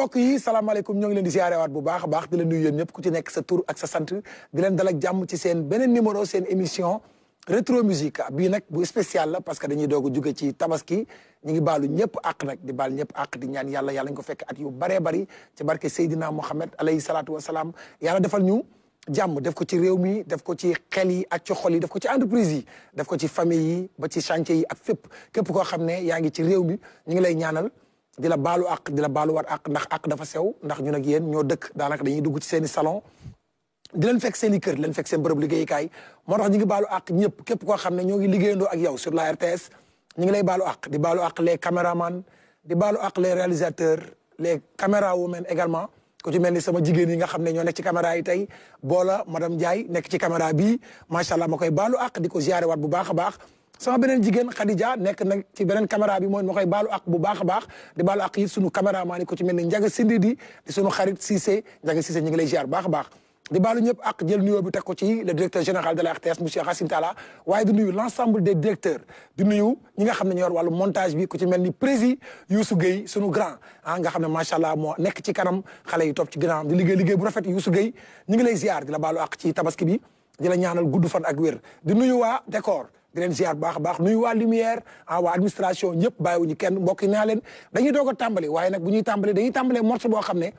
mbokk yi salaamaaleykum ñoo ngi leen di siyaarewaat bu baax a baax di leen nuyu yéen ñëpp ku ci nekk sa tur ak sa sant di leen dalak jàmm ci seen beneen numéro seen émission rétro musique bii nag bu spécial la parce que dañuy doog a jóge ci tabaski ñu ngi baalu ñëpp àq nag di baal ñëpp àq di ñaan yàlla yàlla ñu ko fekk at yu baree bari ci barke Seydina Mohamed alayhi salaatu salaam yàlla defal ñu jàmm def ko ci réew mi def ko ci xel yi ak ci xol yi def ko ci entreprise yi def ko ci famille yi ba ci chantier yi ak fépp képp koo xam ne yaa ngi ci réew mi ñu ngi lay ñaanal di la baalu àq di la baaluwaat àq ndax àq dafa sew ndax ñu nag yéen ñoo dëkk daanaka dañuy dugg ci seen i salon di leen fekk seen i kër di leen fekk seen bërëb liggéeyukaay moo tax ñu ngi baalu àq ñëpp képp koo xam ne ñoo ngi liggéeyandoo ak yow sur la RTS ñu ngi lay baalu àq di baalu àq les caméraman di baalu àq les réalisateurs les caméra women également ku ci mel ni sama jigéen yi nga xam ne ñoo nekk ci caméra yi tey boola madame Ndiaye nekk ci caméra bi macha allah ma koy baalu àq di ko ziare waat bu baax a baax sama beneen jigéen Khadija nekk nag ci beneen caméra bi mooy ma koy baalu ak bu baax a baax di baalu ak yi sunu caméraman yi ko ci mel ni Ndiaga Sindidi di sunu xarit Cissé Ndiaga Cissé ñu ngi lay ziar baax a baax di baalu ñëpp ak jël nuyoo bi teg ko ci le directeur général de la RTS monsieur Racine Talla waaye di nuyu l' ensemble des di nuyu ñi nga xam ne ñoo yor wàllu montage bi ku ci mel ni prési Youssou Gueye sunu grand ah nga xam ne macha allah moo nekk ci kanam xale yi topp ci ginnaawam di liggéey liggéey bu rafet Youssou Gueye ñu ngi lay ziar di la baalu ak bi di la ñaanal gudd fan ak wér di nuyu waa décor di leen ziar baax a baax nuyu waa lumière ah waa administration ñëpp bàyyiwuñu kenn mbokk yi naa leen dañuy doog a tàmbali waaye nag bu ñuy tàmbali dañuy tàmbalee morceau boo xam ne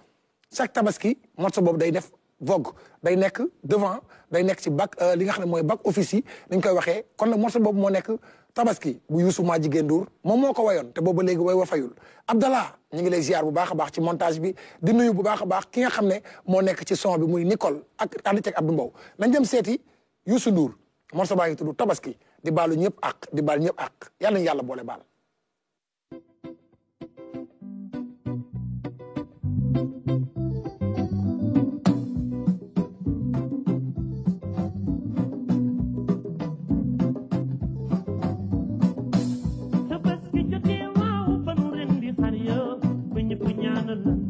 chaque tabaski morceau boobu day def vogue day nekk devant day nekk ci bac euh, li nga xam ne mooy bac office yi ni koy waxee kon nag morceau boobu moo nekk tabaski bu Youssou maa jigéen Ndour moom moo ko wayoon te boobu léegi way wa fayul Abdallah ñu ngi lay ziar bu baax a baax ci montage bi di nuyu bu baax a baax ki nga xam ne moo nekk ci son bi muy Nicole ak ànd ceeg Abdou Mbow nañ dem seeti Youssou Ndour morceau baa ngi tudd tabaski di balu ñep ak di bal ñep ak yàlla nañu yàlla boole Thank ya, you.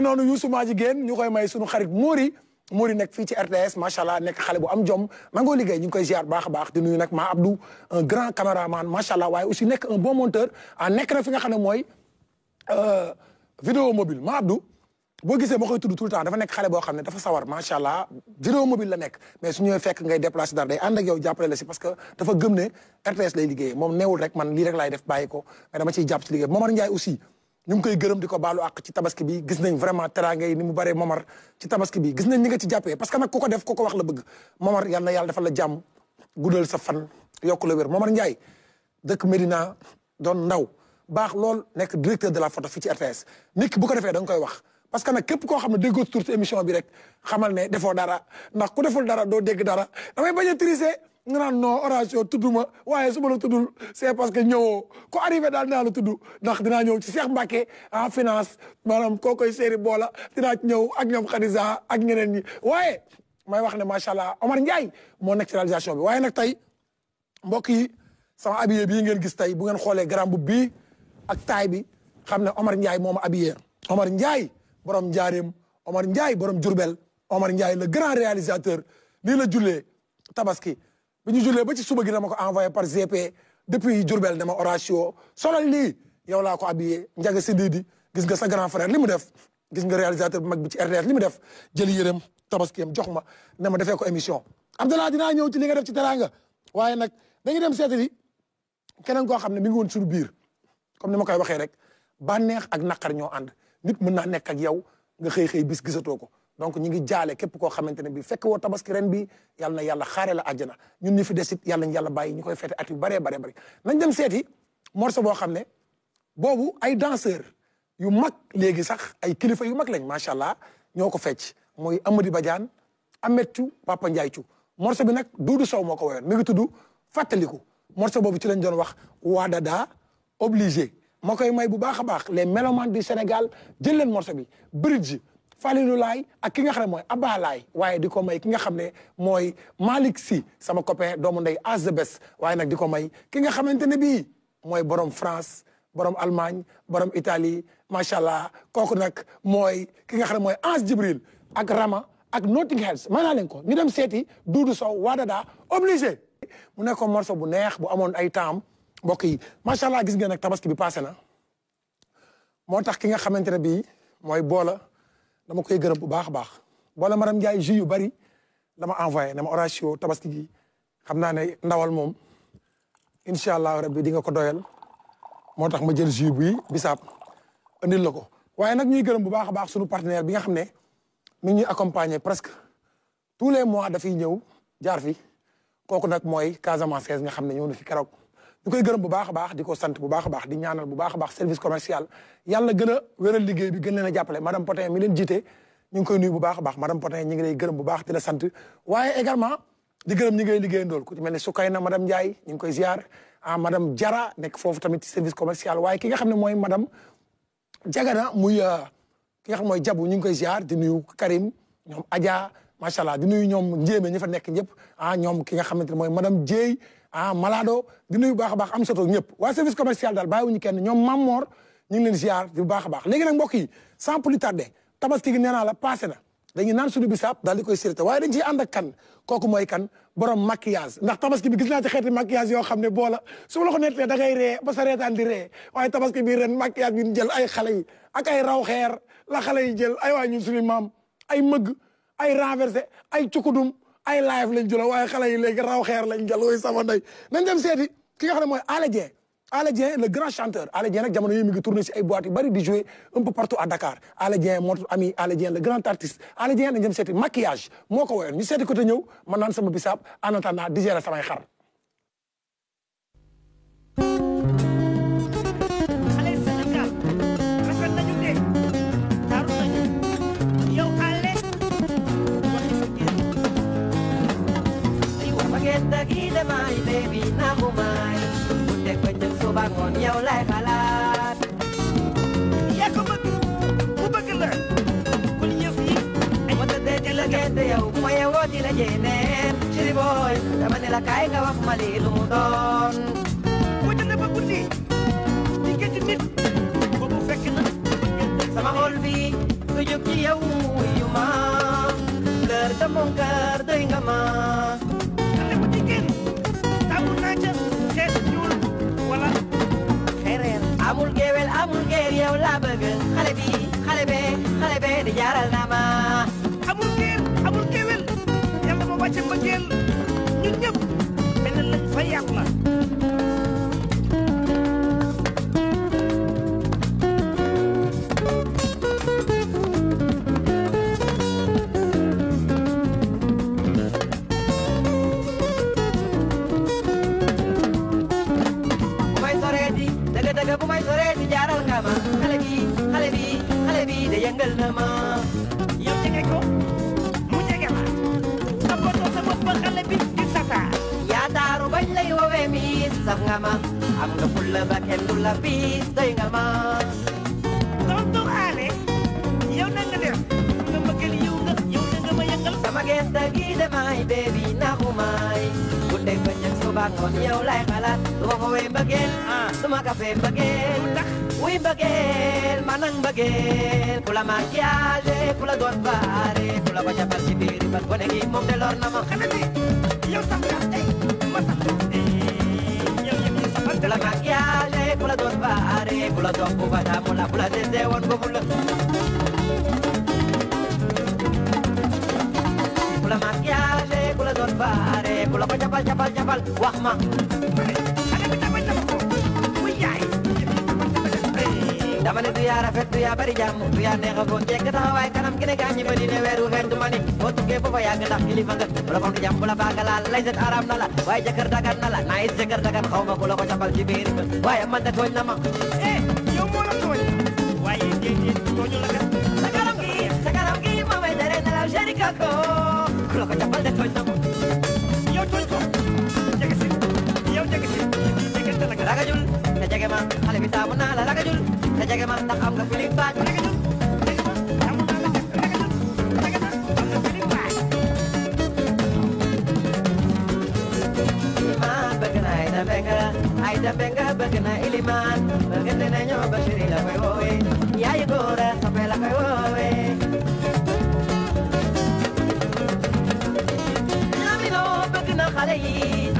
noonu Youssou maa jigéen ñu koy may suñu xarit Mouri Mouri nekk fii ci RTS macha allah nekk xale bu am jom nangoo liggéey ñu ngi koy ziar baax a baax di nuyu nag maa Abdou un grand caméraman macha allah waaye aussi nekk un bon monteur ah nekk na fi nga xam ne mooy euh, vidéo mobile maa Abdou boo gisee ma koy tudd tout le dafa nekk xale boo xam ne dafa sawar macha allah vidéo mobile la nekk mais su ñëwee fekk ngay déplacé dara day ànd ak yow jàppale si parce que dafa gëm ne RTS lay liggéeyee moom neewul man lii rek laay def bàyyi ko mais dama ciy jàpp ci liggéey Momar Ndiaye aussi ñu ngi koy gërëm di ko baalu àq ci tabaski bi gis vraiment teraanga yi ni mu ci tabaski bi gis nañ ni nga ci jàppee parce que nag ku ko def ku ko wax la bëgg Momar yal na yàlla dafa la jàmm guddal sa fan yokk la wér Momar Ndiaye dëkk Medina doon ndaw baax lool nekk directeur de la photo fii ci RTS ni ki bu ko defee da nga koy wax parce que nag képp koo xam ne déggoo tur ci émission bi rek xamal ne defoo dara ndax ku deful dara doo dégg dara damay nga naan non Horatio tudduma waaye su ma la tuddul c'est parce que ñëwoo ko arrivé daal naa la tudd ndax dinaa ñëw ci Cheikh Mbacké finance maanaam koo koy séeri boola dinaa ci ñëw ak ñoom Khadija ak ñeneen ñi waaye may wax ne macha allah Omar Ndiaye moo nekk ci bi waaye nag tey mbokk yi sama habillé bii ngeen gis tey bu ngeen xoolee grand boubou ak taay bi xam ne Omar Ndiaye moom habillé Omar Ndiaye borom njaareem Omar Ndiaye borom Jurbel Omar Ndiaye le grand réalisateur nii la julee tabaski bi ñu jullee ba ci suba gi dama ko envoyé par GP depuis Diourbel dama Horatio solal lii yow laa ko habillé Ndiaga Sididi gis nga sa grand frère li mu def gis nga réalisateur bu mag bi ci RTS li mu def jël yërëm tabaskiyam jox ma na ma defee ko émission Abdallah dinaa ñëw ci li nga def ci teraanga waaye nag dañuy dem seetali keneen koo xam ne mi ngi woon suñu biir comme ni ma koy waxee rek bànneex ak naqar ñoo ànd nit mën naa nekk ak yow nga xëy xëy bis gisatoo ko donc ñi ngi jaale képp koo xamante ne bi fekk woo tabaski ren bi yàlla na yàlla xaare la àjjana ñun ñu fi desit yàlla nañ yàlla bàyyi ñu koy fete at yu baree baree bëri nañ dem seeti morceau boo xam ne boobu ay danseur yu mag léegi sax ay kilifa yu mag lañ macha allah ñoo ko fecc mooy Amady Badiane Amet Thiou Papa Ndiaye Thiou morceau bi nag Doudou Sow moo ko woyoon mi ngi tudd fàttaliku boobu ci lañ doon wax Wadada obligé moo koy may bu baax a baax les mélomanes du Sénégal jël leen morceau bi Bridge Falilou Laay ak ki nga xam ne mooy Abba Laay waaye di ko may ki nga xam ne mooy Malick Sy sama copain doomu ndey as the best waaye nag di ko may ki nga xamante ne bii mooy borom France borom Allemagne borom Italie macha allah kooku nag mooy ki nga xam ne mooy Ange Djibril ak Rama ak Notting Heads may naa leen ko ñu dem seeti Doudou Sow Wadada obligé. mu nekkoon ko morceau bu neex bu amoon ay temps mbokk yi macha allah gis ngeen nag tabaski bi passé na moo tax ki nga xamante ne bii mooy boola. dama koy gërëm bu baax a baax ma ram Ndiaye jus yu bari dama envoyé dama Horatio tabaski gi xam naa ne ndawal moom incha allah rabbi di nga ko doyal moo tax ma jël jus bi bisaab andil la ko. waaye nag ñuy gërëm bu baax a baax sunu partenaire bi nga xam ne mi ñuy accompagner presque tous les mois dafiy ñëw jaar fi kooku nag mooy Casamance nga xam ne ñëw na fi keroog. ñu koy gërëm bu baax a baax di ko sant bu baax a baax di ñaanal bu baax a baax service commercial yàlla gën a wéral liggéey bi gën leen a jàppale madame Potin mi leen jiite ñu ngi koy nuyu bu baax a baax madame Potin ñi ngi lay gërëm bu baax di la sant waaye également di gërëm ñi ngi lay liggéeyandool ku ci mel ne Soukayna madame Ndiaye ñu ngi koy ziar ah madame nekk foofu tamit service commercial waaye ki nga xam ne mooy madame Jagana muy euh, ki nga xam mooy jabu ñu ngi koy ziar di nuyu Karim ñoom Adja macha allah di nuyu ñoom Njéeme ñi fa nekk ñëpp ah ñoom ki nga xamante ne mooy madame Dieye ah malado di nuyu baax a baax am soto ñëpp waa service commercial daal bàyyiwuñu kenn ñoom Mamor ñu ngi leen ziar bu baax a baax léegi nag mbokk yi sans plus tarder tabaski gi nee naa la passé na dañuy naan suñu bisaab daal di koy sérité waaye dañ ciy ànd ak kan kooku mooy kan borom maquillage ndax tabaski bi gis naa ci xeeti maquillage yoo xam ne boo la su ma la ko nettalee da ngay ree ba sa reetaan di ree waaye tabaski bi ren maquillage bi ñu jël ay xale yi ak ay raw xeer la xale yi jël ay waa ñun suñu maam ay mëgg ay renversé ay cukudum ay live lañ jëloon waaye xale yi léegi raw xeer lañ jël woy sama day seeti ki nga mooy Alé Dieng Alé Dieng le grand chanteur Alé Dieng nag jamono yii mi ngi tourné si ay boîte yu bari di jouer un peu partout à Dakar Alé Dieng moo ami Alé Dieng le grand artiste Alé Dieng seeti maquillage moo ko woyoon ñu seeti ko te ñëw man naan sama bisaab en attendant digérer samay xar de mai baby na mai Unde pete soba ngon yau la halat Ya kuma tu kuma kala Kul yafi wata de jala gende yau la jene Chiri boy la kai ka wa la lilu don Wata na nit la olá, bagan, halebe, halebe, halebe, de yara nam. ma am nga fulla ba kenn la bis doy nga ma tonton ale yow na nga def nga mbëggal yow nga yow na nga ma yëngal sama gesta gi damay bébi naxumaay guddeeg bëccëg suba ngoon yow lay xalaat du ma foowee mbëggeel du ah. ma kafee mbëggeel wuy mbëggeel manang mbëggeel ku la maquillage ku la doon baare ku la ko ci biir ba gone gi moom de lor na ma xanaa kula to ko bada mo la bula de de won ko bula kula makiale kula don bare kula pa chapal chapal chapal dama ne du yaa rafet du yaa bari jàmm du yaa neex a góor jekk taxawaay kanam gi ne gaañi ba di ne weeru xeetu ma ni boo tukkee ba fa yàgg ndax kilifa nga bu la compte jàmm bu la baaga laal lay set araam na la waaye jëkkër dagan na la naa is jëkkër dagan xaw ma ku la ko capal ci biir ba waaye man de tooñ na ma eh yow moo la tooñ waaye déedéet tooñu la kat sa kanam gi sa kanam gi ma may tere nelaw chéri kako ku la ko capal de tooñ na ma yow tooñ ko jege si yow jege si jege la ragajul te jege ma xale bi taamu naa la ragajul jege man ndax am nga filim baaju rek a Ayda Benga bëgg na Iliman bëgg nañoo Bachiri la koy woowee yaayu góora soppe la koy woowee Amino bëgg na xale yi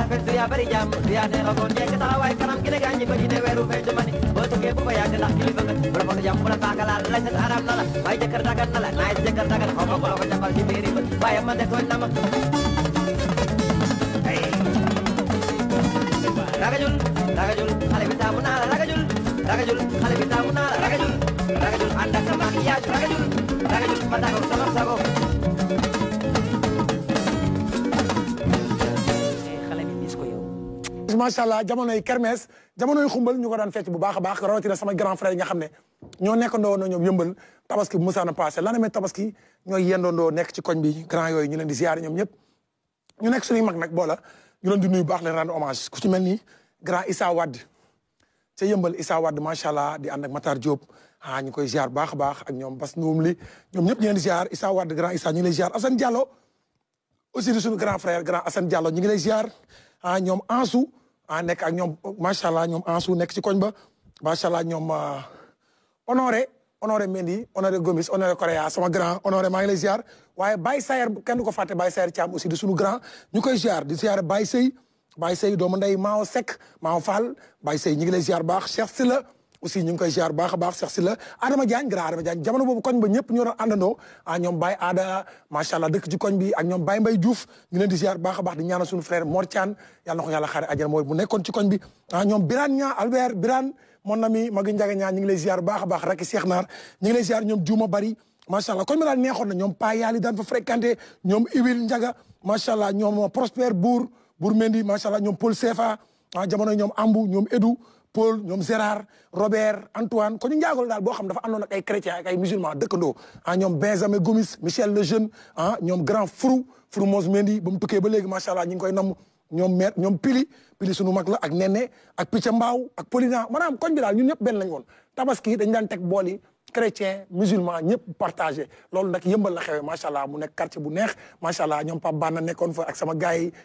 rafet du yaa bari jàmm du yaa neex a bon njëkk taxawaay kanam gi ne gaañ ñi ko ci ne weeru feeñ du ma ni boo tukkee bu ko yàgg ndax kilifa nga bu la foog jàmm bu la taakalaal la set araam na la waaye jëkkër dagan na la naay jëkkër dagan ko la ko jàppal ci biir ba waaye tooñ na ma ragajul ragajul xale bi taamu ragajul ragajul xale bi ragajul ragajul ànd ak sa maquillage ragajul ma tàggoog sama sago macha allah jamonoy kermesse jamonoy xumbal ñu ko daan fecc bu baax a baax rawatina sama grand frère yi nga xam ne ñoo nekkandoo na ñoom yëmbal tabaski bu musaana passé lana mais tabaski ñooy yendoondoo nekk ci koñ bi grand yooyu ñu leen di ziyaare ñoom ñëpp ñu nekk suñuy mag nag boola ñu leen di nuyu baax leen rendre hommage ku ci mel ni grand Issa Wade ca macha allah di ànd ak Matar ah, ñu koy ziar baax a baax ak ñoom Bas Nuum li ñoom ñëpp ñu leen di ziar Issa Wade grand Issa ñu ngi lay ziar Assane Diallo aussi di suñu grand frère grand ñu ngi lay ziar ah ñoom Ansou ah nekk ak ñoom macha allah ñoom Ansu nekk ci koñ ba macha allah ñoom euh, honoré honoré Mendy honoré Gomis honoré Correa sama grand honoré maa ngi lay ziar waaye Baye Sayer kenn du ko fàtte Baye Sayer Thiam aussi di suñu grand ñu koy ziar di ziar Baye Sey Baye Sey doomu ndey Mao Seck Mao Fall Baye Sey ñu ngi lay ziar baax Cheikh Sylla aussi ñu ngi koy ziar baax a baax Cheikh Sylla Adama Diagne grand Adama Diagne jamono boobu koñ ba ñëpp ñoo doon àndandoo ah ñoom Baye Ada macha allah dëkk ci koñ bi ak ñoom Baye Mbaye Diouf ñu leen di ziar baax a baax di ñaanal suñu frère Mor Thian yàlla na ko yàlla xaare àjjana mooy bu nekkoon ci koñ bi ah ñoom Birane ñaa Albert Birane mon ami Magu Njaga ñaa ñu ngi baax a baax rek Cheikh Naar ñu ngi lay ziar ñoom Diouma Bari macha allah koñ ma daal neexoon na ñoom Pa Yaali daan fa fréquenté ñoom Iwil Njaga macha allah ñoom Prosper Bour Bour Mendy macha allah ñoom Paul Sefa ah jamono ñoom Ambu ñoom Edu Paul ñoom Gérard Robert Antoine ko ñu njaagol daal boo xam dafa àndoon ak ay chrétiens ak ay musulmans dëkkandoo ah ñoom Benjamin Gomis Michel Lejeune ah ñoom Grand Frou Frou Mose Mendy ba mu tukkee ba léegi macha allah ñu ngi koy namm ñoom ñoom Pili Pili sunu mag la ak Nene ak Picca Mbaaw ak Polina maanaam koñ bi daal ñun ñëpp benn lañ woon tabaski dañ daan teg bool yi chrétien musulman ñëpp partagé loolu nag yëmbal la xewee macha allah mu nekk quartier bu neex macha allah ñoom Pape Bana nekkoon fa ak sama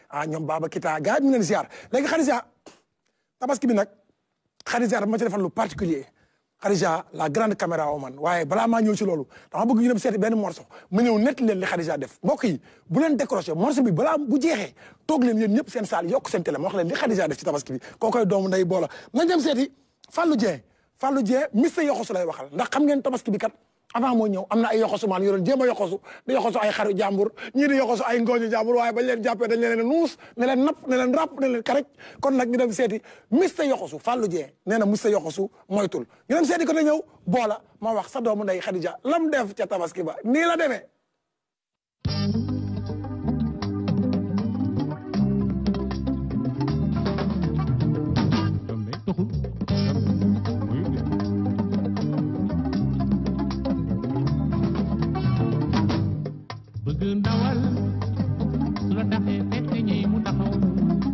ah, ñoom Baba Kita gars yi ñu leen ziar léegi bi nag Khadija dama ci defal lu particulier Khadija la grande caméra woman waye bala ma ñëw ci loolu dama bëgg ñu dem seeti ben morceau mu ñew net leen li Khadija def mbokk yi bu leen décrocher morceau bi bala bu jeexee tok leen yeen ñep seen salle yok seen télé ma wax leen li Khadija def ci tabaski bi kookoy doomu nday boola nañ dem seeti Fallou Dieng Fallou Dieng Mister Yoxosu lay waxal ndax xam ngeen tabaski bi kat avant moo ñëw am na ay yoxosumaan yu doon jéem a yoxosu di yoxosu ay xaru jàmbur ñii di yoxosu ay ngooñu jàmbur waaye bañ leen jàppee dañ leen nuus ne leen napp ne leen ràpp ne leen karaj kon nag ñu dem seeti mista yoxosu Fallou Dieng nee na mista yoxosu moytul ñu dem seeti ko na ñëw boola ma wax sa doomu nday Khadija lam def ca tabaski ba nii la demee ndawal su la taxee fekk ñi mu taxaw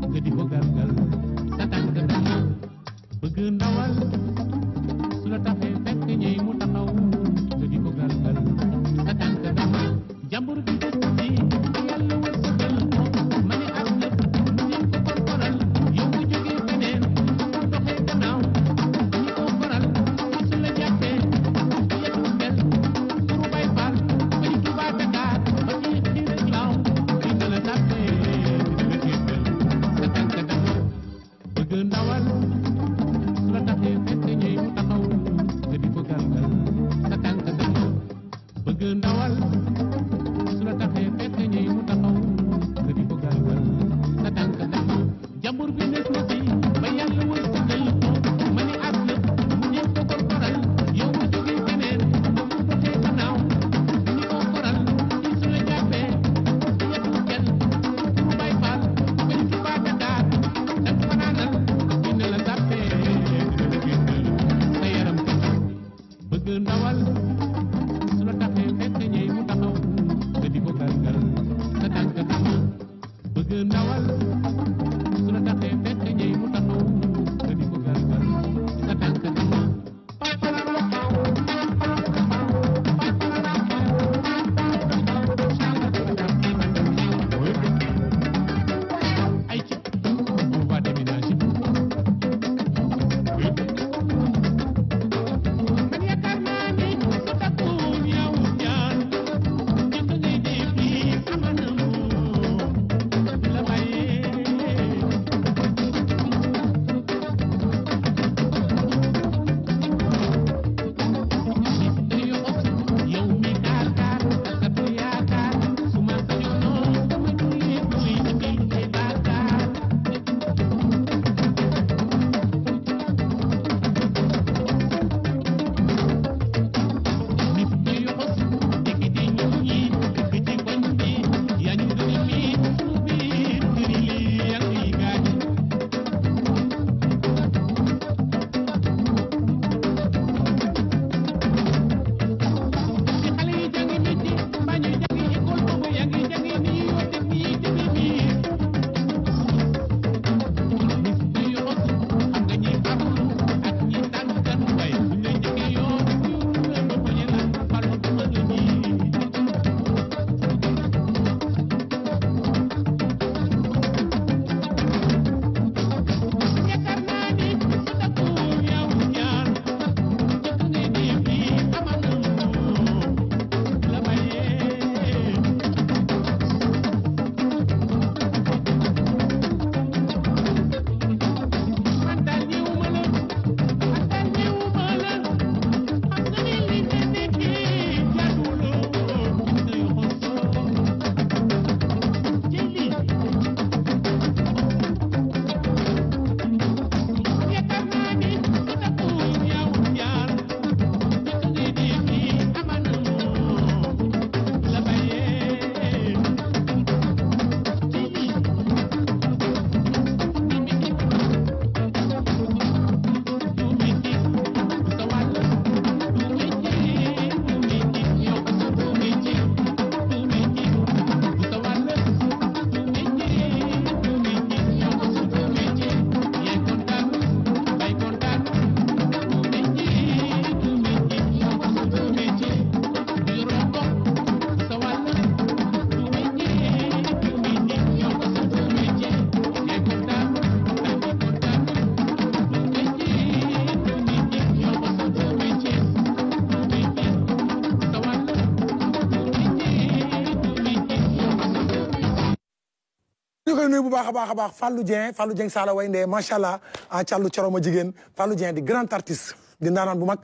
nga di ko galgal sa tànk dama bëgg ndawal nuyu bu baax a baax a baax Fallou Dieng Fallou Dieng Saala way ndee macha allah ah Thialou Coroma jigéen Fallou Dieng di grand artiste di ndaanaan bu mag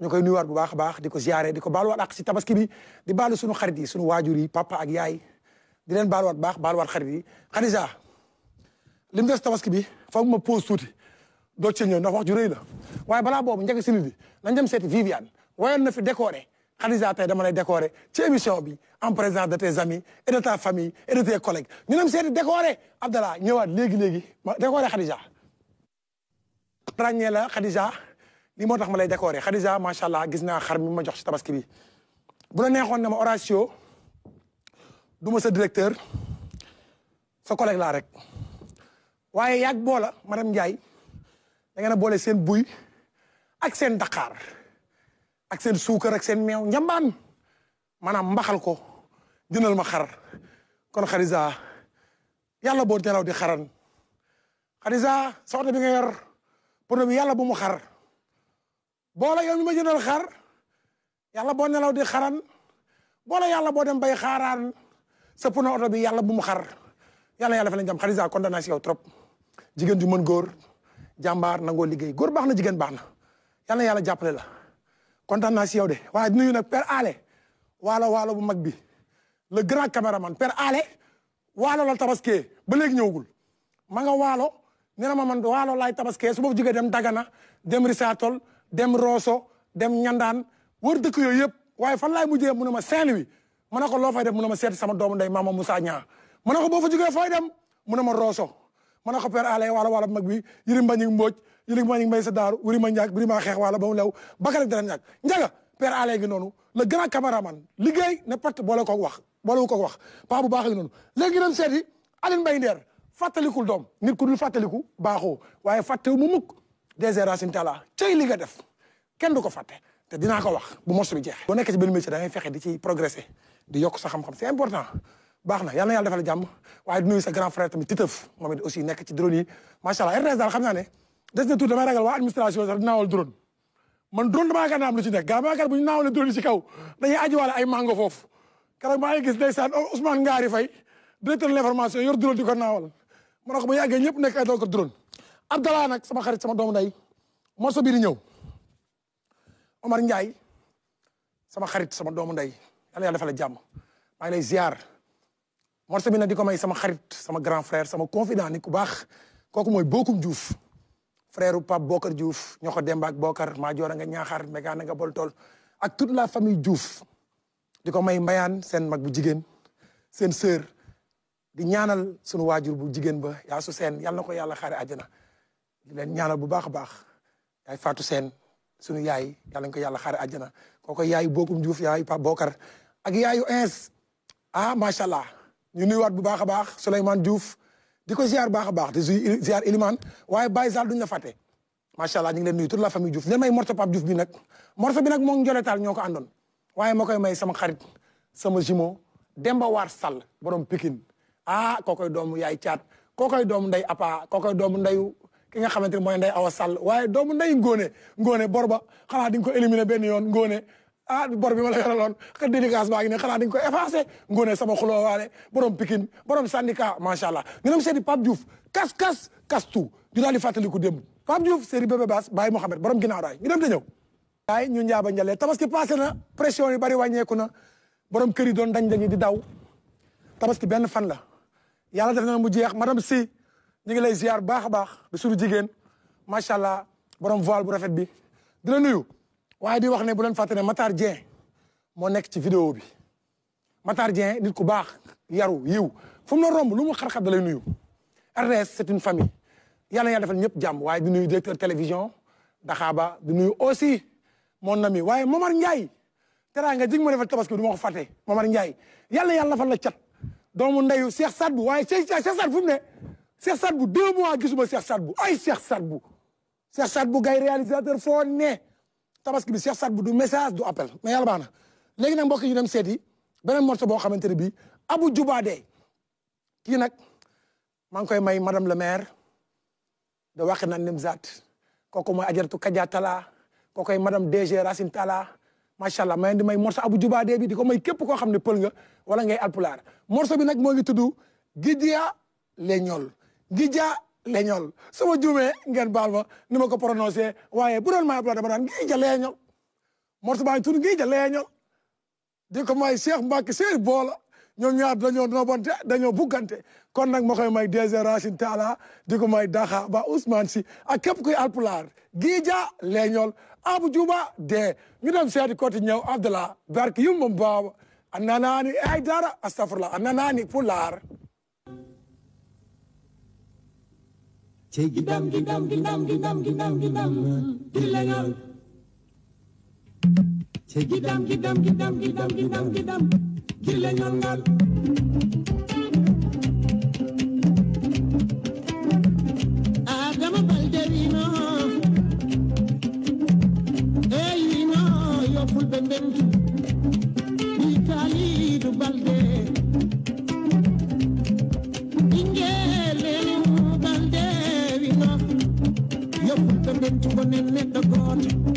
ñu koy nuyuwaat bu baax a baax di ko ziare di ko baaluwaat ak si tabaski bi di baalu suñu xarit yi suñu waajur yi papa ak yaay di leen baaluwaat baax baaluwaat xarit yi Khadija li mu des tabaski bi foog ma pause tuuti doo ci ñëw ndax wax ju rëy la waaye balaa boobu njëkk si nit yi nañ dem seeti Viviane wayoon na fi décoré Khadija tey dama lay décorer ci émission bi en présence de tes amis et de ta famille et de tes collègues ñu dem seeti décorer Abdallah ñëwaat léegi léegi ma décorer Khadija. la Khadija li moo tax ma lay décorer Khadija macha allah gis naa xar mi ma jox ci tabaski bi bu la neexoon ne ma Horatio du ma sa directeur sa collègue laa rek waaye yàgg boola madame Ndiaye da ngeen boole seen buy ak seen Dakar. ak seen suukar ak seen meew njambaan manam mbaxal ko jëndal ma xar kon Khadija yalla bo telaw di xaran Khadija soxna bi nga yor pour bi yalla bu mu xar la yow mi ma jëndal xar yalla bo nelaw di xaran la yalla bo dem bay xaaraan sa pono auto bi yalla bu mu xar yalla yalla fa lañ jam Khadija kontaan si yow trop jigen du mën gor jambar nangoo liggéey góor baax na jigéen baax yalla la kontaan naa yow de waaye nuyu nag Père ale waalo waalo bu mag bi la grand caméraman Père Allé waalo la tabaskee ba léegi ñëwagul ma nga waalo nee na ma man waalo laay tabaskee su ma jógee dem Dagana dem Rissaatol dem Rosso dem Ñandaan wër dëkk yooyu yëpp waaye fan laay mujjee mu ne ma Saint-Louis ma ne ko loo fay dem mu ma seeti sama doomu ndey Mama Moussa ñaa ma ne ko boo fa jógee fooy dem mu ne ma Rosso ma ne ko Père Allé waalo waalo bu mag bi Yirim Mbagnick Mbodj yëligi ma ñu ngi may sa daaru wuri ma ñaag buri ma xeex wala ba mu lew bakkarek dara ñaag njaga père Alé noonu le grand caméraman liggéey ne pat boole koog wax boole koog wax paa baax ngi noonu léegi dem seeti Aline Mbaye Nder fàttalikul doom nit ku dul fàttaliku baaxoo waaye fàttewu mu mukk des racines tala cey li nga def kenn du ko fàtte te dinaa ko wax bu morceau bi jeex boo nekkee ci benn métier fexe di ci progresser di yokk sa xam-xam c'est important baax na yal n yàlla defal jàmm waaye di nuyu sa nekk ci drone yi macha allah xam naa ne des na tuuti damay ragal waa administration sax naawal drone man drone damaa yaakaar ne am lu ci nekk gars yi bu ñu naawalee drone ci kaw dañuy ajiwaale ay mango foofu. keroog maa ngi gis ndeysaan Ousmane Ngari Faye directeur de l'information yor drone di ko naawal ma ne ko bu yàggee ñëpp nekk ay doon ko drone. Abdallah nag sama xarit sama doomu nday morso bii di ñëw Omar Ndiaye sama xarit sama doomu nday yàlla yàlla defal la jàmm maa ngi lay ziar. morso bi nag di ko may sama xarit sama grand frère sama confident ni ku baax kooku mooy Bokum Diouf. frère pa Bokar Diouf ñoko Demba ak Bokar ma jor nga ñaaxaar fami nga bol tol ak toute la famille Diouf di may mayan sen mag bu jigen sen sœur di ñaanal sunu wajur bu jigen ba ya su sen yalla na yalla xari aljana di len ñaanal bu baax baax yaay Fatou sen sunu yaay yalla na yalla xari aljana koko yaay Bokum Diouf yaay pa Bokar ak yaayu ins ah macha allah ñu wat bu baax baax souleyman Diouf di ko ziar baax a baax di ziar Elimane waaye Baye Sall duñ la fàtte macha allah ñu ngi leen nuyu toute la famille Diouf leen may morceau Pape Diouf bi nag morceau bi nag moo ngi joletaal ñoo ko andoon waaye moo koy may sama xarit sama jumeau Demba War Sall borom Pikine ah kookoy doomu yaay caat kookoy doomu nday Apa kookoy doomu ndeyu ki nga xamante ne mooy nday Awa Sall waaye doomu nday ngoone ngoone bor ba xanaa di ko éliminer benn yoon ngoone ah bor bi ma la yoraloon xa dédicace baa ngi ne xanaa dañ ko effacé ngone sama xuloowaale borom Pikine borom syndicat macha allah ñu dem seeti Pape Diouf kas kas kas tout di daal di fàttaliku démb Pape Diouf séeri bébé baas Baye Mohamed borom ginnaaw raay ñu dem te ñëw waay ñu njaaba njalee tabaski passé na pression yi bari wàññeeku na borom kër yi doon dañ dañu di daw tabaski benn fan la yàlla def na mu jeex madame si ñu ngi lay ziar baax a baax di jigéen macha allah borom voile bu rafet bi di la nuyu waye di wax ne bu len fàtte Matar dien mo nek ci vidéo bi Matar dien nit ku bax yarou yiw fu mu la romb lu mu xarxar da lay nuyu RTS c'est une famille yalla ya defal ñëpp jamm waye di nuyu directeur télévision dakhaba di nuyu aussi mon ami waye Momar Ndiaye teraanga jig mo defal tabaski bi du ma ko faté Momar ndjay yalla yalla defal la cat doomu ndeyu Cheikh Sadbu waye Cheikh Cheikh Sadbu fu ne Cheikh Sadbu deux mois gisuma Cheikh Sadbu ay Cheikh Sadbu Cheikh Sadbu gay réalisateur fo ne tabaski bi Cheikh Saad bu du message du appel mais yàlla bana na léegi nag mbokk yi ñu dem seeti beneen morceau bo xamante ne Abou Djoubaade de ki nak ngi koy may madame le maire de Wakhinane Nimzatt kooku mooy ajaratu Kadia Talla kooku madame DG Racine Talla macha allah ma di may morceau Abou de bi di ko may képp ko xam ne pël nga wala ngay morceau bi ngi Gidia Leñol Gidia leñol su ma juumee ngeen baal ma ni ma ko prononcé waaye bu doon maay abdoulaye dama daan géej a leeñol morso baa ngi tudd géej a leeñol di ko may Cheikh Mbacke Cheikh Boola ñoo ñaar dañoo nobante dañoo buggante kon nag ma koy may DG Racine Talla di ko may Daxa ba Ousmane si ak képp kuy alpulaar géeja leeñol abu juba de ñu dem seeti côté ñëw abdallah barke yum mam baaba a nanaani ay dara astafurlah a nanaani pulaar Şey gidem gidem gidem gidem gidem gidem Dilleyor Şey gidem gidem gidem gidem gidem gidem Dilleyenler Adamı balderino Eylino Yokul benden went to an in the garden.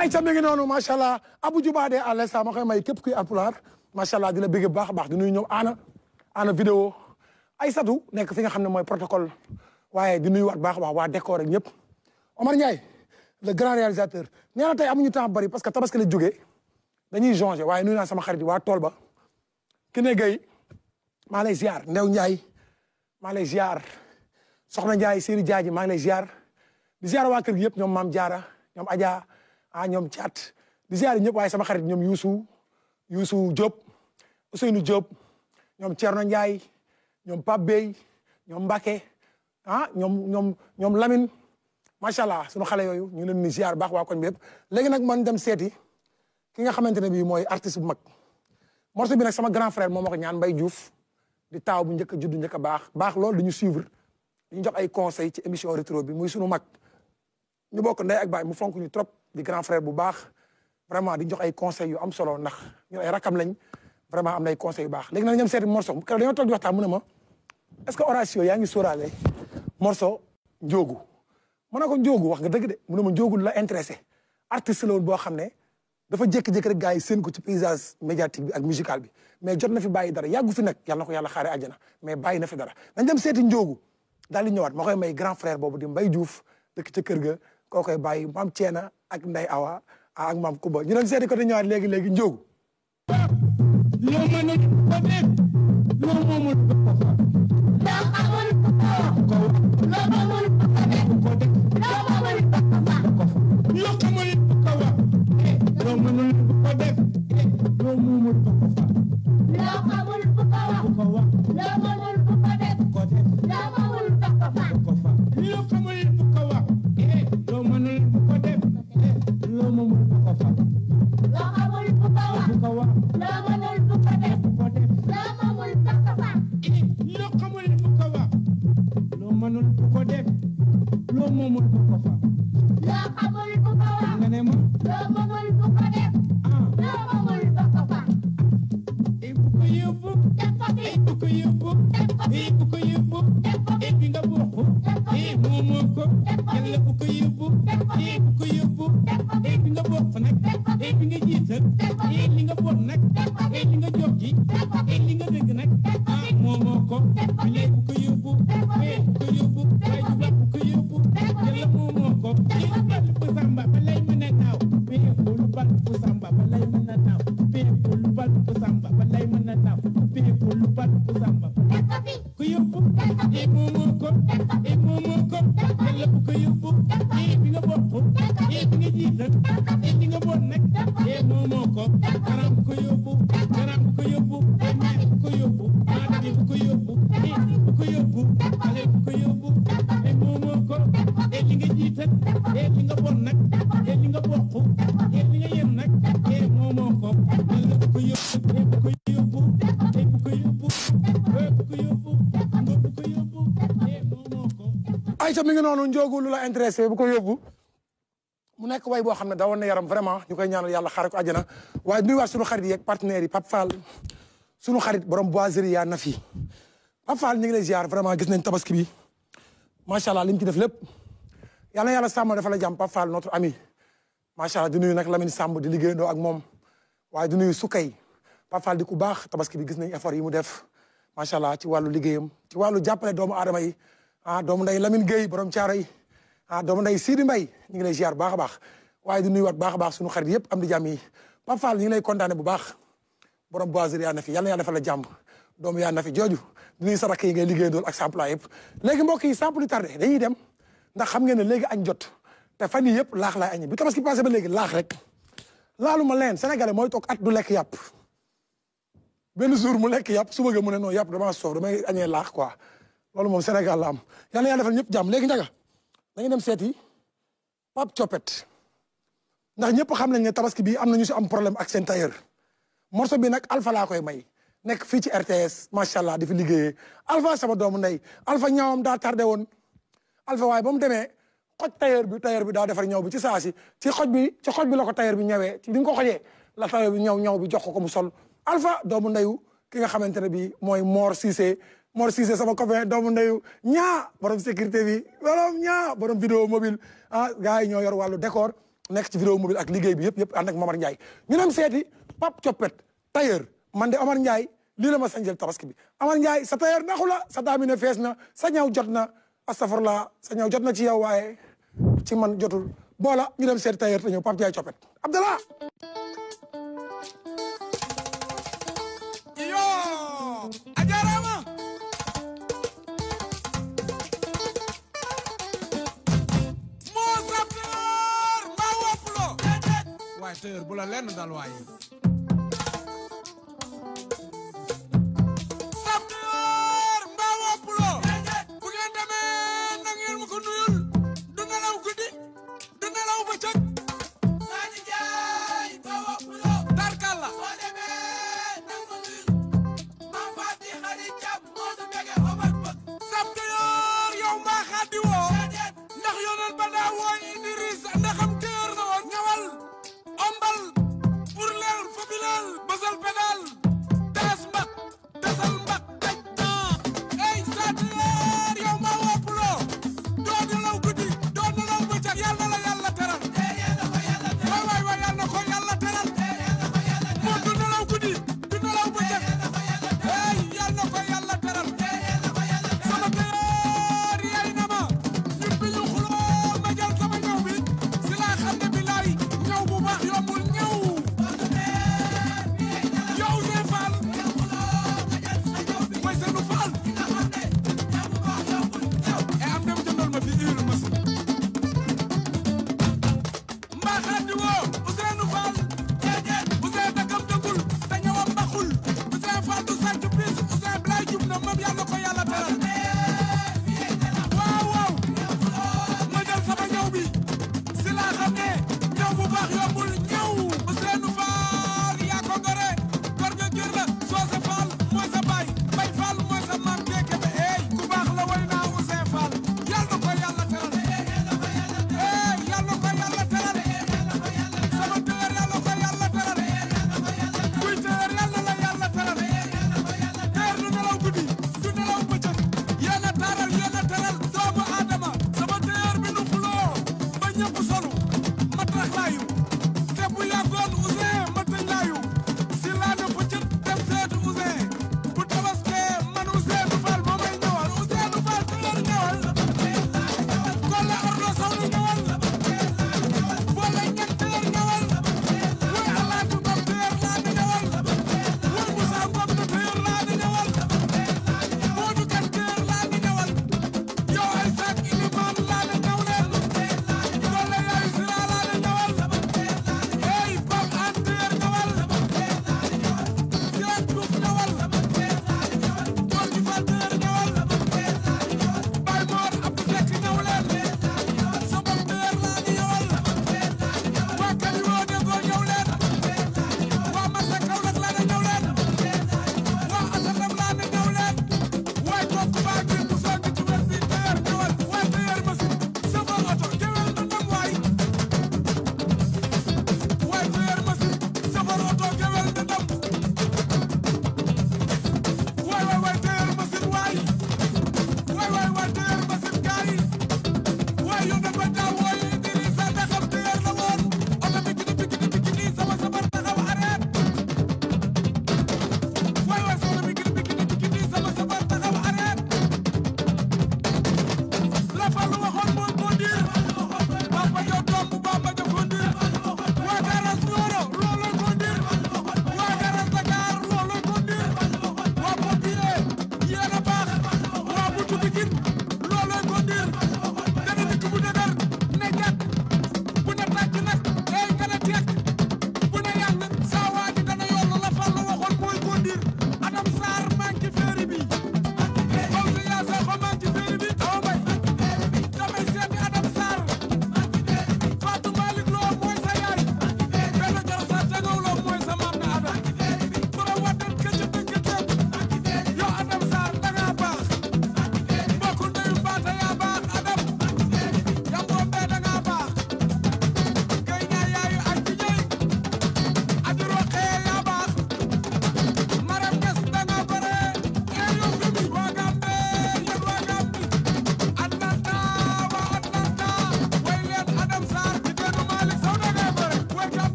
ayca mi ngi noonu macha allah Abu Jubaade à l'instant ma koy may képp kuy apulaar macha allah di la bëgg baax a baax di nuyu ñoom ana ana ay Aysatu nekk fi nga xam ne mooy protocole waaye di nuyu waat baax a baax waa décor ak ñëpp Omar Ndiaye le grand réalisateur nee na amuñu temps bari parce que tabaski la jógee dañuy jongé waaye nuyu naa sama xarit yi waa tool ba ki ne gay maa lay ziar Ndew Ndiaye maa lay ziar soxna Ndiaye Sëri Jaaji maa ngi lay ziar di ziar waa kër yëpp ñoom maam jaara ñoom Adja ah ñoom caat di ziare ñëpp waaye sama xarit ñoom Youssou Youssou Diop Ousseynou Diop ñoom Thierno Ndiaye ñoom Pape Bey ñoom Mbacke ah ñoom ñoom ñoom Lamine macha allah sunu xale yooyu ñu leen ni baax waa koñ bi yëpp léegi nag man dem seeti ki nga xamante ne bii mooy artiste bu mag morceau bi nag sama grand frère moom ma ko ñaan Mbaye juuf di taaw bu njëkk a judd njëkk a baax baax loolu dañu suivre dañu jox ay conseil ci émission rétro bi muy sunu mag ñu bokk ndey ak baay mu fonk ñu trop di grand frère bu baax vraiment di jox ay conseils yu am solo ndax ñun ay rakam lañ vraiment am na ay conseils yu baax léegi nag ñoom seeti morceau keroog dañoo toog di waxtaan mu ne ma est ce que Horatio yaa ngi sóoraale morceau Ndiogou mën naa ko njogu wax nga dëgg de mu a ma Ndiogou la intéressé artiste la woon boo xam ne dafa jékki-jékki rek gars yi seen ko ci paysage médiatique bi ak musical bi mais jot na fi bàyyi dara yàggu fi nag yàlla na ko yàlla xaaree àjjana mais bàyyi na fi dara nañ dem seeti Ndiogou daal di ñëwaat moo koy may grand frère boobu di Mbaye Diouf dëkk ca kër ga koo koy bàyyi maam Ceena ak Ndey Awa ak maam Kumba ñu dem seeti ko te ñëwaat léegi léegi Njóogu. ayca mi ngi noonu njoogu lu la intéressé bu ko yóbbu mu nekk way boo xam ne dawoon na yaram vraiment ñu koy ñaanal yàlla xaare ko àjjana waaye nuy waat suñu xarit yeeg partenaires yi Pape Fall xarit borom boiserie yaa na fi Pape Fall ngi lay ziar vraiment gis nañ tabaski bi macha allah li ci def lépp yàlla na yàlla sàmm dafa la jàmm Pape Fall notre ami macha allah di nuyu nag Lamine Samb di liggéeyandoo ak moom waaye di nuyu Sukay Pape Fall di ku baax tabaski bi gis nañ effort yi mu def macha allah ci wàllu liggéeyam ci wàllu jàppale doomu aadama yi ah doomu nday Lamine géey boroom caaro yi ah doomu nday Sidi Mbaye ñu ngi lay ziar baax a baax waaye di nuyuwaat baax baax suñu xarit yëpp am di jàmm yi Pape Fall ñu lay bu baax borom boiserie yaa na fi yàlla na defal la jàmm doomu yaa nafi fi jooju ni nuyu sa yi ngay liggéey dool ak sa employé yëpp léegi mbokk yi sans plus dañuy dem ndax xam ngeen léegi añ jot te fan yi yëpp laax laay añ bi tabaski passé ba léegi laax rek laalu ma leen sénégalais mooy toog at du lekk yàpp benn jour mu lekk yàpp su bëggee mu ne non yàpp damaa soof damay añee laax quoi loolu moom Sénégal la am yal na yàlla defal ñëpp jàmm léegi njaga da dem seeti Pape Thiopet ndax ñëpp xam nañ ne tabaski bi am na ñu si am problème ak seen tailleur morceau bi nag Alpha laa koy may nekk fii ci RTS macha allah di fi liggéeyee saba sama doomu ndey alfa ñaawam daa tardé woon Alpha waaye ba mu demee xoj tailleur bi tailleur bi daa defar ñaw bi ci saa ci xoj bi ci xoj bi la ko tailleur bi ñawee ci bi ko xojee la tailleur bi ñaw ñaw bi jox ko ko mu sol Alpha doomu ndayu ki nga xamante ne bii mooy Mor Cissé. Mor Cissé sama copain doomu ndeyu ñaa borom sécurité bi borom ñaa borom vidéo mobile ah gars yi ñoo yor wàllu décor nekk ci vidéo mobile ak liggéey bi yëpp yëpp ànd ak Momar Ndiaye ñu dem seeti Pape Coppet tailleur man de Omar Ndiaye lii la ma sañjel tabaski bi Omar Ndiaye sa tailleur naxu la sa daamine fees na sa ñaw jot na astafurla sa ñaw jot na ci yow waaye ci man jotul boola ñu dem seeti tailleur te ñëw Pape Ndiaye Coppet Abdallah acteur bu la lenn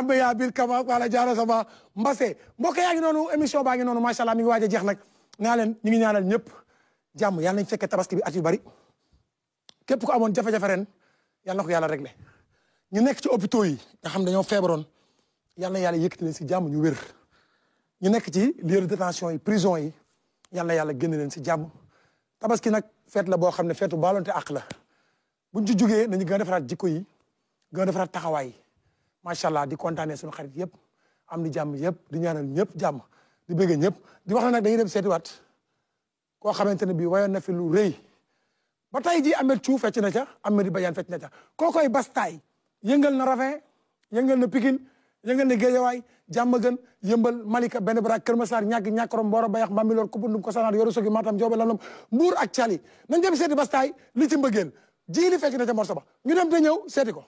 kambe yaa biir kama wala jaaro sama mbase mbokk yaa ngi noonu émission baa ngi noonu macha allah mi ngi waaj a jeex nag naa leen ñu ngi ñaanal ñëpp jàmm yàlla nañ fekkee bi at yu bari képp ku amoon jafe ren yàlla na ko yàlla réglé ñu nekk ci hôpitaux yi nga xam dañoo feebaroon yàlla na yàlla yëkkati leen si jàmm ñu wér ñu nekk ci lieu de détention yi prison yi yàlla na yàlla génn leen si jàmm tabaski nag feet la boo xam ne feetu baalonte ak la buñ ci jógee nañu gën a defaraat jikko yi gën a defaraat taxawaay mashallah allah di kontaanee sunu xarit yep am di jam yep di ñaanal ñep jam di bëgg ñep di wax na nag dañuy dem séti wat ko xamanteni bi wayon na fi lu rëy ba tay ji Ameth Thiou fecc na ca di bayan fecc na ca kookoy Bastaay yëngal na rafé yëngal na pikin yëngal na gën yëmbal Malika Béné Baraak Keur Massar ñàkk ñàkkorom Mboro Bayax Bambilor ko Kousanaar yoru Sogi Matam jobe Lam Lam ak chali nañ dem seeti Bastaay li ci mbëggeel ji li fecc na ca morso ba ñu dem ñëw séti ko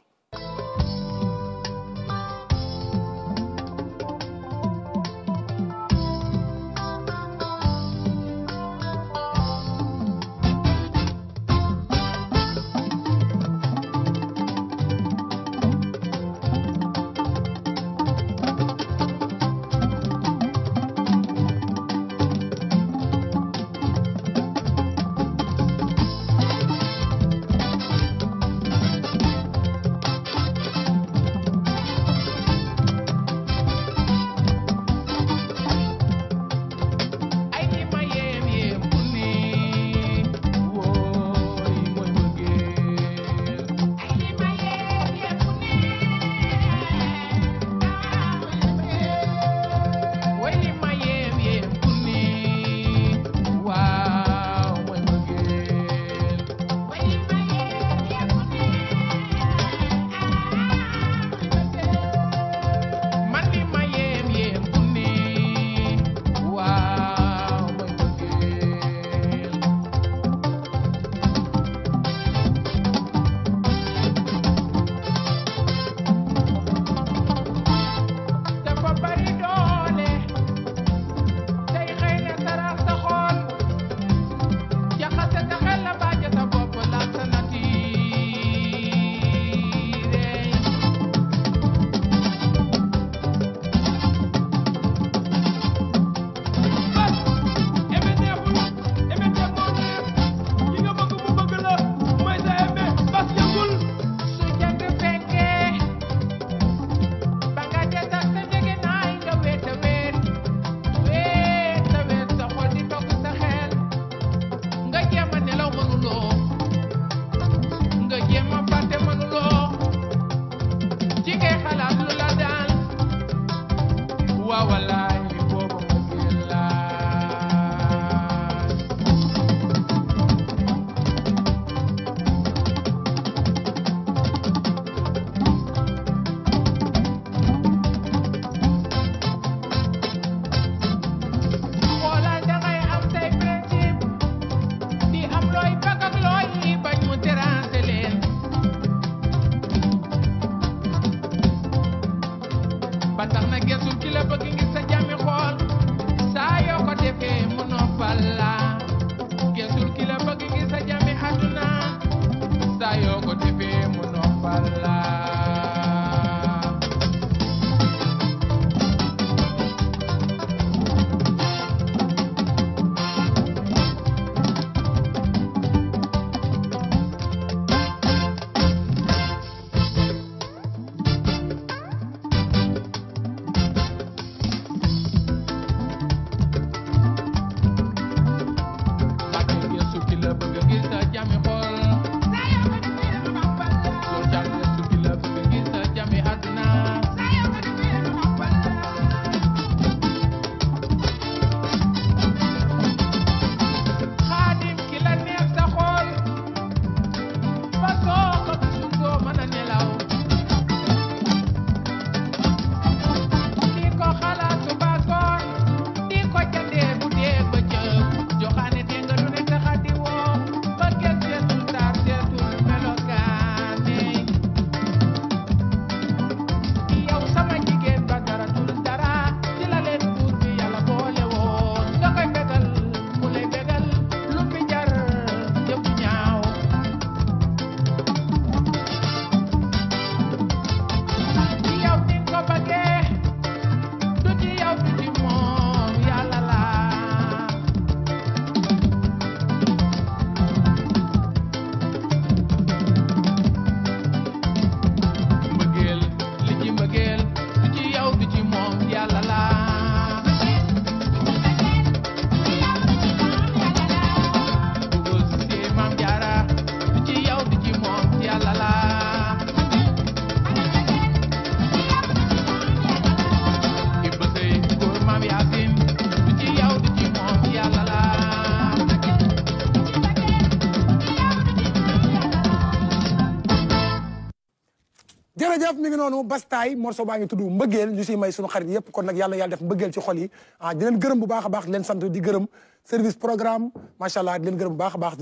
noonu bastaay morceau baa ngi tudd mbëggeel ñu siy may suñu xarit yëpp kon nag yàlla yàlla def mbëggeel ci xol yi ah, di leen gërëm bu baax a baax di leen sant di gërëm service programme macha allah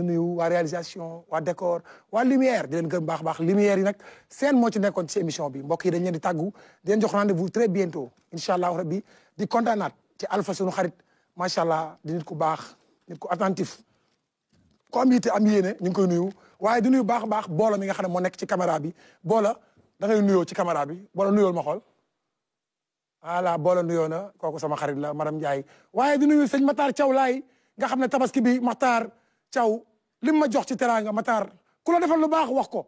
nuyu waa réalisation waa décor waa lumière di leen gërëm bu baax baax lumière yi nag seen moo ci nekkoon ci émission bi mbokk yi dañ leen di tàggu di leen jox rendez-vous très bientôt incha allah rabbi di kontaanaat ci alpha suñu xarit macha allah di nit ku baax nit ku attentif ku am am yéene ñu ngi koy nuyu waaye di nuyu baax a baax boola mi nga xam ne moo nekk ci caméra bi boola da ngay nuyoo ci caméra bi boola nuyool ma xool voilà boola nuyoo na kooku sama xarit la madame Ndiaye waaye di nuyu sëñ Matar caw laay nga xam ne tabaski bi Matar Thiaw lim ma jox ci teraanga mataar ku la defal lu baax wax ko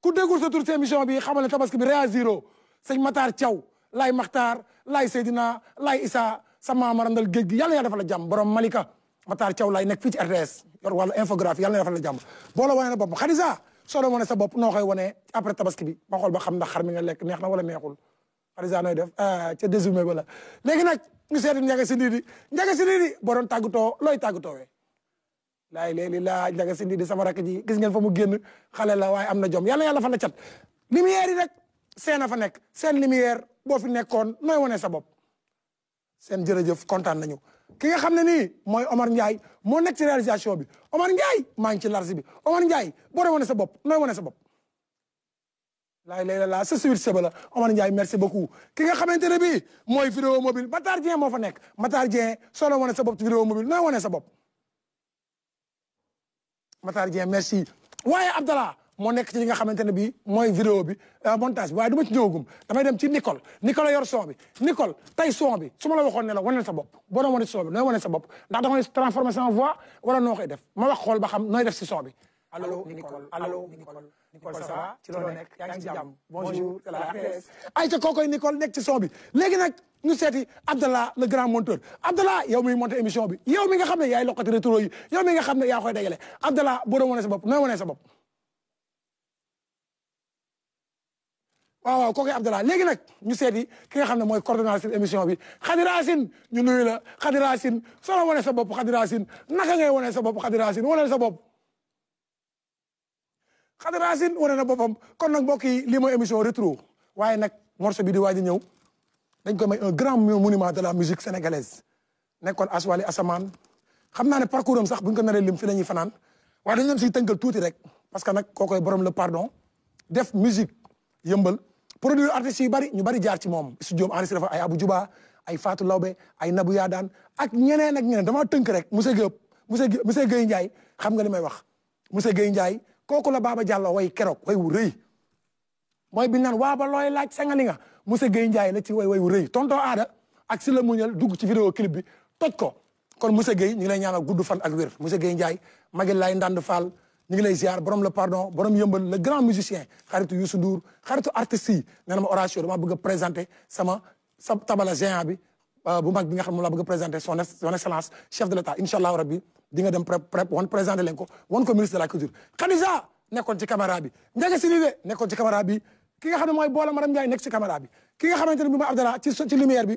ku déggul sa tur ci émission bi xamal ne tabaski bi réa zéro sëñ Matar Thiaw laay Makhtar laay Seydina laay Issa sama marandal géej gi yàlla yàlla defal jàmm borom Malika Matar Thiaw laay nekk fii ci RTS yor wàllu infographie yàlla defal la jàmm boola wane na boppam soo doon wane sa bopp noo koy wane après tabaski bi ma xool ba xam ndax xar mi nga lekk neex na wala neexul xarisa nooy def ah, ca dézoomé ba la léegi nag ñu seeti Ndiaga si Ndidi Ndiaga si Ndidi boo doon tàggatoo looy tàggatoowee laay léegi laa Ndiaga si Ndidi sama rakk ji gis ngeen fa mu génn xale la waaye am na jom yàlla yàlla fa la cat lumière yi rek seen a fa nekk seen lumière boo fi nekkoon nooy wane sa bopp seen jërëjëf kontaan nañu ki nga xam ne nii mooy Omar Ndiaye moo nekk ci bi Omar Ndiaye maa ngi ci large bi Omar Ndiaye boo doon sa bopp nooy wane sa bopp. laay lay la laa sa suite seba la Omar Ndiaye merci beaucoup ki nga xamante ne bii mooy vidéo mobile Matar Dieng moo fa nekk Matar Dieng soo doon wane sa bopp ci vidéo mobile nooy wane sa bopp. Matar Dieng merci waaye Abdallah moo nekk ci li nga xamante ne bii mooy vidéo bi euh, montage bi waaye du ma ci ñëwagum damay yor son bi Nicole tey son bi su ma la waxoon ne la waneel sa bopp boo doon wane si son bi nooy wane bopp ndax da ngay transformer en voix wala noo def ma wax xool ba xam nooy def si son bi allo Nicole allo Nicole Nicole ça va ci loo nekk yaa ngi ci jàmm bonjour c'est la RTS ay ca kookoy Nicole nekk ci son bi léegi nag ñu seeti Abdallah le grand monteur Abdallah yow miy monté émission mi nga xam ne yaay lokkati rétro yi mi nga xam ne yaa koy dajale Abdallah boo doon wane sa bopp nooy waaw waaw kooku Abdallah léegi nag ñu seeti ki xam na mooy coordonnateur émission bi Khady Racine ñu nuyu la Khady Racine soo wane sa bopp Khady Racine naka ngay wane sa bopp Khady Racine wane sa bopp. Khady na boppam kon nag mbokk yi lii mooy émission rétro waaye nag morceau bi di waaj a ñëw dañ koy may un grand monument de la musique sénégalaise nekkoon Aswali Asamaan xam naa ne parcours sax bu ñu ko naree lim fi ñuy fanaan waaye dañu leen siy tënkal tuuti rek parce que nag kookoy borom le pardon def musique yëmbal. produit artistes yu bari ñu bari jaar ci moom studio am enregistré fa ay Abu Juba ay Fatou Lawbe ay Nabou Yadane ak ñeneen nag ñeneen damaa tënk rek monsieur Gueye monsieur Gueye monsieur Gueye Ndiaye xam nga li may monsieur Gueye Ndiaye kooku la Baba Diallo way keroog way wu rëy mooy bi naan waa ba looy laaj sangali nga monsieur Gueye Ndiaye la ci way way wu rëy tonton aada ak si la muñal dugg ci vidéo clip bi toj ko kon monsieur Gueye ñu ngi lay ñaanal gudd fan ak wér monsieur Gueye Ndiaye magi lay ndand Fall ñu ngi lay ziar borom la pardon borom yëmbal le grand musicien xaritu Youssou Ndour xaritu artistes yi nee ma Horatio dama bëgg présenter sama sa tabala géant bi euh, bu mag bi nga xam ne moom bëgg présenter son son excellence chef de l'état inshallah allahu rabbi di nga dem pré pré wan présenter leen ko wan ko ministre de la culture. Khadija nekkoon ci caméra bi Ndiaga Sidibé nekkoon ci caméra bi ki nga xam moy bolam Bola Maram Ndiaye nekk ci caméra bi ki nga xamanteni ne bi Abdallah ci ci lumière bi.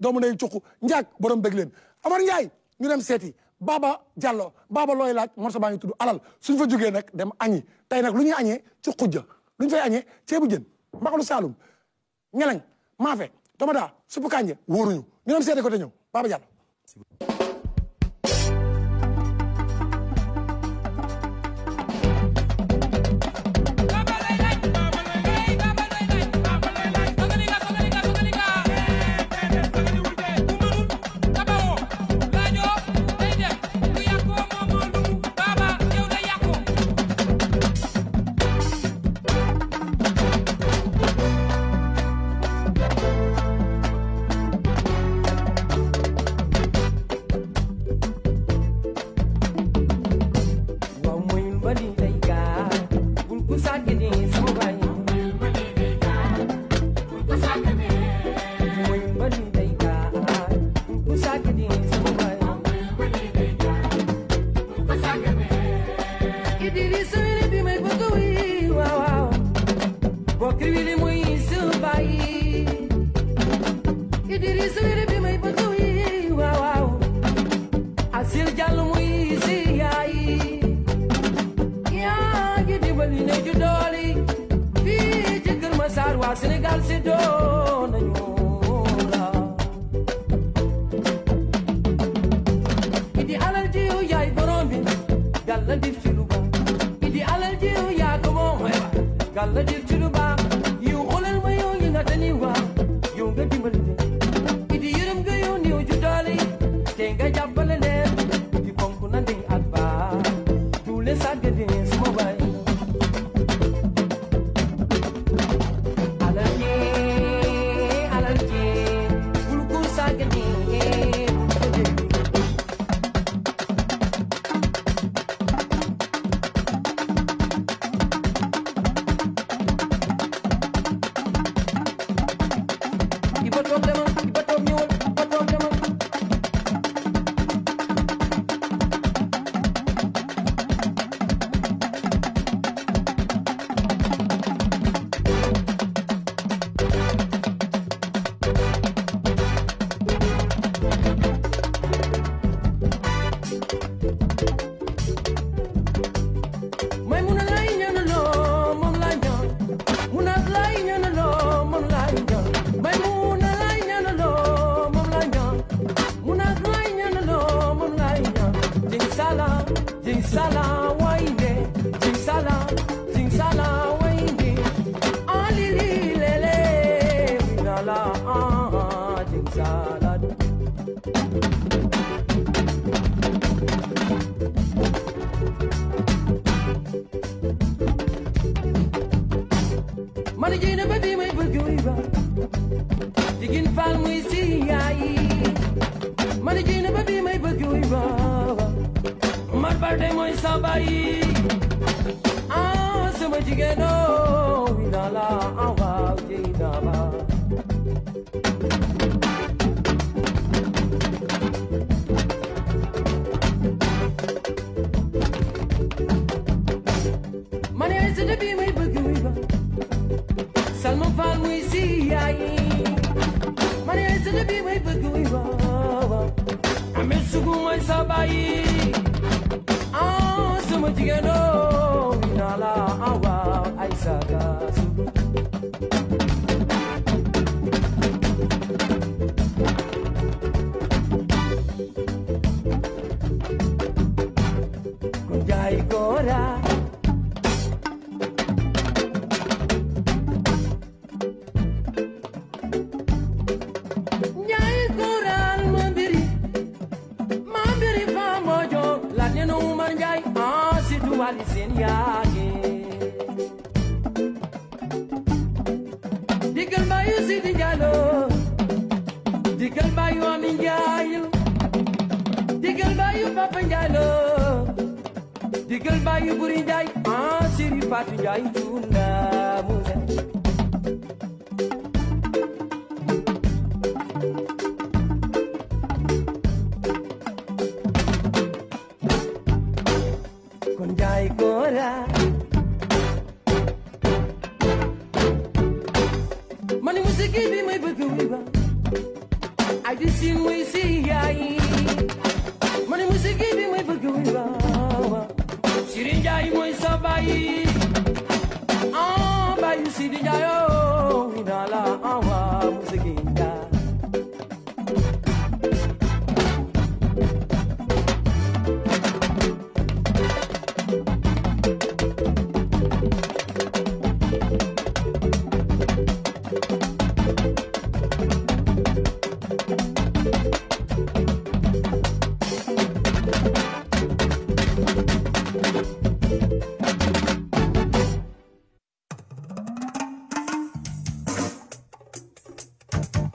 doomu nañ cuq njaag borom bëgg leen Amar Ndiaye ñu dem seeti Baba Diallo baaba looy laaj morso baa ngi tudd alal suñ fa jógee nag dem añi tey nag lu ñuy añee ci xujja lu ñu fay añee ceebu jën mbaxalu saalum ñeleng maafe dama daa suppu kànja wóoruñu ñu dem seeti ko te ñëw Baba Diallo